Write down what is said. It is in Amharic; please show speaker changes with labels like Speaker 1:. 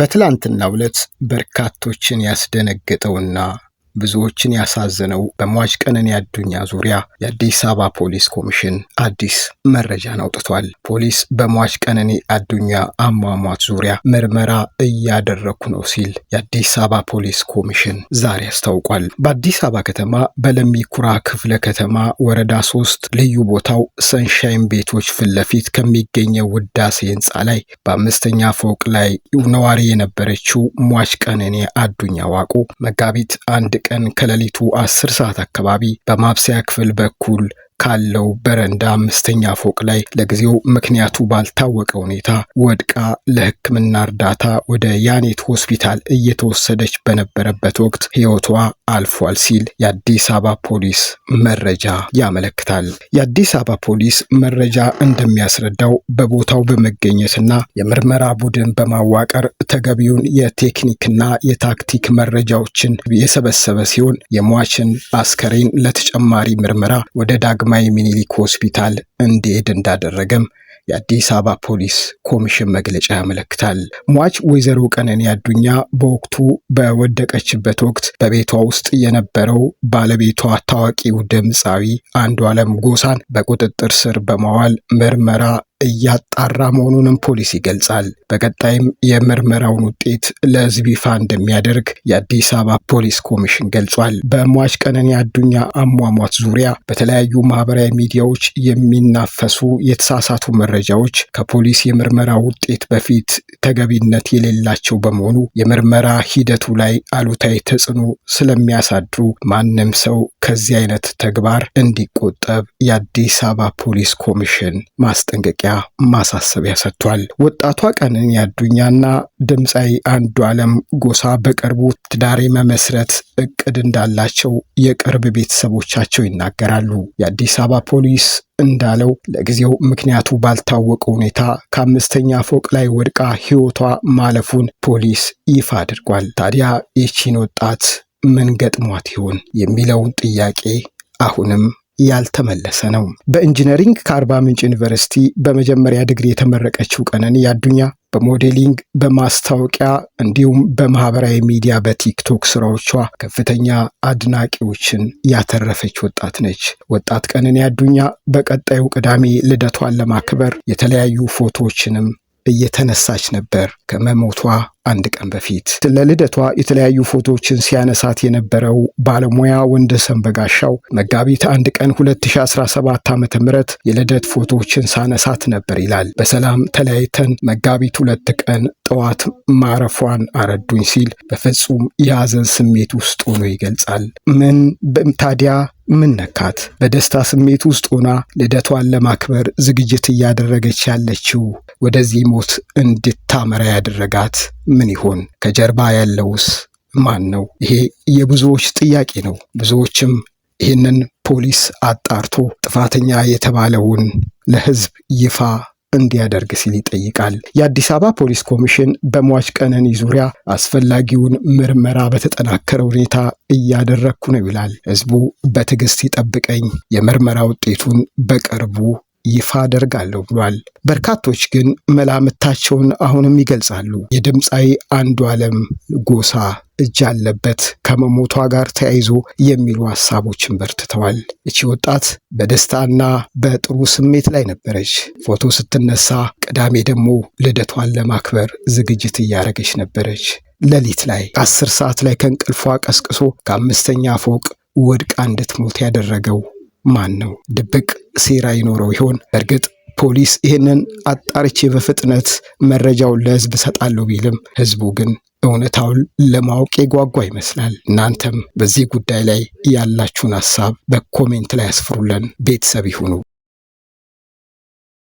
Speaker 1: በትላንትናው ዕለት በርካቶችን ያስደነገጠውና ብዙዎችን ያሳዘነው በሟች ቀነኒ አዱኛ ዙሪያ የአዲስ አበባ ፖሊስ ኮሚሽን አዲስ መረጃን አውጥቷል። ፖሊስ በሟች ቀነኒ አዱኛ አሟሟት ዙሪያ ምርመራ እያደረግኩ ነው ሲል የአዲስ አበባ ፖሊስ ኮሚሽን ዛሬ አስታውቋል። በአዲስ አበባ ከተማ በለሚኩራ ክፍለ ከተማ ወረዳ ሶስት ልዩ ቦታው ሰንሻይን ቤቶች ፊት ለፊት ከሚገኘው ውዳሴ ህንፃ ላይ በአምስተኛ ፎቅ ላይ ነዋሪ የነበረችው ሟች ቀነኒ አዱኛ ዋቁ መጋቢት አንድ ቀን ከሌሊቱ አስር ሰዓት አካባቢ በማብሰያ ክፍል በኩል ካለው በረንዳ አምስተኛ ፎቅ ላይ ለጊዜው ምክንያቱ ባልታወቀ ሁኔታ ወድቃ ለሕክምና እርዳታ ወደ ያኔት ሆስፒታል እየተወሰደች በነበረበት ወቅት ሕይወቷ አልፏል ሲል የአዲስ አበባ ፖሊስ መረጃ ያመለክታል። የአዲስ አበባ ፖሊስ መረጃ እንደሚያስረዳው በቦታው በመገኘትና የምርመራ ቡድን በማዋቀር ተገቢውን የቴክኒክና የታክቲክ መረጃዎችን የሰበሰበ ሲሆን የሟችን አስከሬን ለተጨማሪ ምርመራ ወደ ዳግ ዳግማዊ ሚኒሊክ ሆስፒታል እንዲሄድ እንዳደረገም የአዲስ አበባ ፖሊስ ኮሚሽን መግለጫ ያመለክታል። ሟች ወይዘሮ ቀነኒ አዱኛ በወቅቱ በወደቀችበት ወቅት በቤቷ ውስጥ የነበረው ባለቤቷ ታዋቂው ድምፃዊ አለም ጎሳን በቁጥጥር ስር በማዋል ምርመራ እያጣራ መሆኑንም ፖሊስ ይገልጻል። በቀጣይም የምርመራውን ውጤት ለሕዝብ ይፋ እንደሚያደርግ የአዲስ አበባ ፖሊስ ኮሚሽን ገልጿል። በሟች ቀነኒ አዱኛ አሟሟት ዙሪያ በተለያዩ ማህበራዊ ሚዲያዎች የሚናፈሱ የተሳሳቱ መረጃዎች ከፖሊስ የምርመራ ውጤት በፊት ተገቢነት የሌላቸው በመሆኑ የምርመራ ሂደቱ ላይ አሉታዊ ተጽዕኖ ስለሚያሳድሩ ማንም ሰው ከዚህ አይነት ተግባር እንዲቆጠብ የአዲስ አበባ ፖሊስ ኮሚሽን ማስጠንቀቂያ ማስጠንቀቂያ ማሳሰቢያ ሰጥቷል። ወጣቷ ቀነኒ አዱኛና ድምፃዊ አንዱዓለም ጎሳ በቅርቡ ትዳሬ መመስረት እቅድ እንዳላቸው የቅርብ ቤተሰቦቻቸው ይናገራሉ። የአዲስ አበባ ፖሊስ እንዳለው ለጊዜው ምክንያቱ ባልታወቀ ሁኔታ ከአምስተኛ ፎቅ ላይ ወድቃ ሕይወቷ ማለፉን ፖሊስ ይፋ አድርጓል። ታዲያ ይቺን ወጣት ምን ገጥሟት ይሆን የሚለውን ጥያቄ አሁንም ያልተመለሰ ነው። በኢንጂነሪንግ ከአርባ ምንጭ ዩኒቨርሲቲ በመጀመሪያ ዲግሪ የተመረቀችው ቀነኒ አዱኛ በሞዴሊንግ በማስታወቂያ እንዲሁም በማህበራዊ ሚዲያ በቲክቶክ ስራዎቿ ከፍተኛ አድናቂዎችን ያተረፈች ወጣት ነች። ወጣት ቀነኒ አዱኛ በቀጣዩ ቅዳሜ ልደቷን ለማክበር የተለያዩ ፎቶዎችንም እየተነሳች ነበር ከመሞቷ አንድ ቀን በፊት ለልደቷ የተለያዩ ፎቶዎችን ሲያነሳት የነበረው ባለሙያ ወንደሰን በጋሻው መጋቢት አንድ ቀን 2017 ዓ ም የልደት ፎቶዎችን ሳነሳት ነበር ይላል። በሰላም ተለያይተን መጋቢት ሁለት ቀን ጠዋት ማረፏን አረዱኝ ሲል በፍጹም የሐዘን ስሜት ውስጥ ሆኖ ይገልጻል። ምን ታዲያ ምን ነካት? በደስታ ስሜት ውስጥ ሆና ልደቷን ለማክበር ዝግጅት እያደረገች ያለችው ወደዚህ ሞት እንድታመራ ያደረጋት ምን ይሆን? ከጀርባ ያለውስ ማን ነው? ይሄ የብዙዎች ጥያቄ ነው። ብዙዎችም ይህንን ፖሊስ አጣርቶ ጥፋተኛ የተባለውን ለሕዝብ ይፋ እንዲያደርግ ሲል ይጠይቃል። የአዲስ አበባ ፖሊስ ኮሚሽን በሟች ቀነኒ ዙሪያ አስፈላጊውን ምርመራ በተጠናከረ ሁኔታ እያደረግኩ ነው ይላል። ህዝቡ በትዕግስት ይጠብቀኝ፣ የምርመራ ውጤቱን በቅርቡ ይፋ አደርጋለሁ ብሏል። በርካቶች ግን መላምታቸውን አሁንም ይገልጻሉ። የድምፃዊ አንዱ ዓለም ጎሳ እጅ አለበት ከመሞቷ ጋር ተያይዞ የሚሉ ሀሳቦችን በርትተዋል። እቺ ወጣት በደስታና በጥሩ ስሜት ላይ ነበረች። ፎቶ ስትነሳ፣ ቅዳሜ ደግሞ ልደቷን ለማክበር ዝግጅት እያደረገች ነበረች። ሌሊት ላይ አስር ሰዓት ላይ ከእንቅልፏ ቀስቅሶ ከአምስተኛ ፎቅ ወድቃ እንድትሞት ያደረገው ማን ነው? ድብቅ ሴራ ይኖረው ይሆን? በእርግጥ ፖሊስ ይህንን አጣርቼ በፍጥነት መረጃውን ለህዝብ እሰጣለሁ ቢልም ህዝቡ ግን እውነታውን ለማወቅ የጓጓ ይመስላል። እናንተም በዚህ ጉዳይ ላይ ያላችሁን ሀሳብ በኮሜንት ላይ ያስፍሩልን። ቤተሰብ ይሁኑ።